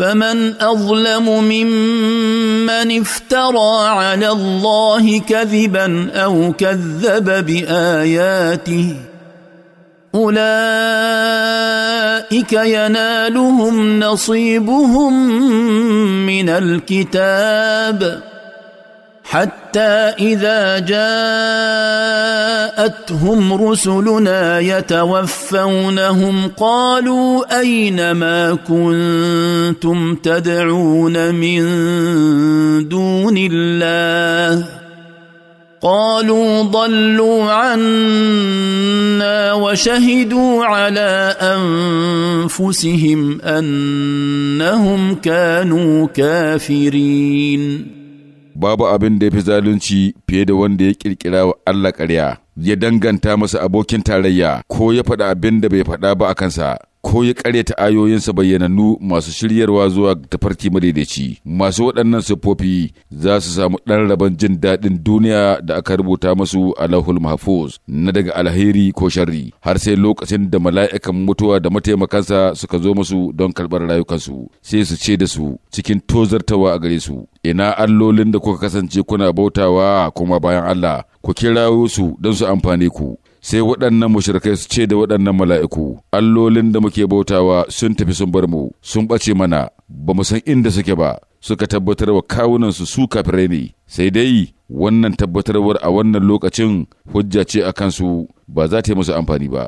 فمن اظلم ممن افترى على الله كذبا او كذب باياته اولئك ينالهم نصيبهم من الكتاب حتى اذا جاء جاءتهم رسلنا يتوفونهم قالوا اين ما كنتم تدعون من دون الله قالوا ضلوا عنا وشهدوا على انفسهم انهم كانوا كافرين babu abin da ya fi zalunci fiye da wanda ya ƙirƙira wa Allah ƙarya, ya danganta masa abokin tarayya ko ya faɗa abin da bai faɗa ba a kansa. ko ya karyata ayoyinsa bayyanannu masu shiryarwa zuwa tafarki madaidaici masu waɗannan siffofi za su samu ɗan rabon jin daɗin duniya da aka rubuta musu a lahul mahfuz na daga alheri ko sharri har sai lokacin da mala'ikan mutuwa da mataimakansa suka zo musu don karɓar rayukansu sai su ce da su cikin tozartawa a gare su ina allolin da kuka kasance kuna bautawa kuma bayan Allah ku kirawo su don su amfane ku sai waɗannan mushrikai su ce da waɗannan mala'iku allolin da muke bautawa sun tafi sun bar mu sun ɓace mana ba mu san inda suke ba suka tabbatar wa kawunansu su kafirai ne sai dai wannan tabbatarwar a wannan lokacin hujja ce a kansu ba za ta yi musu amfani ba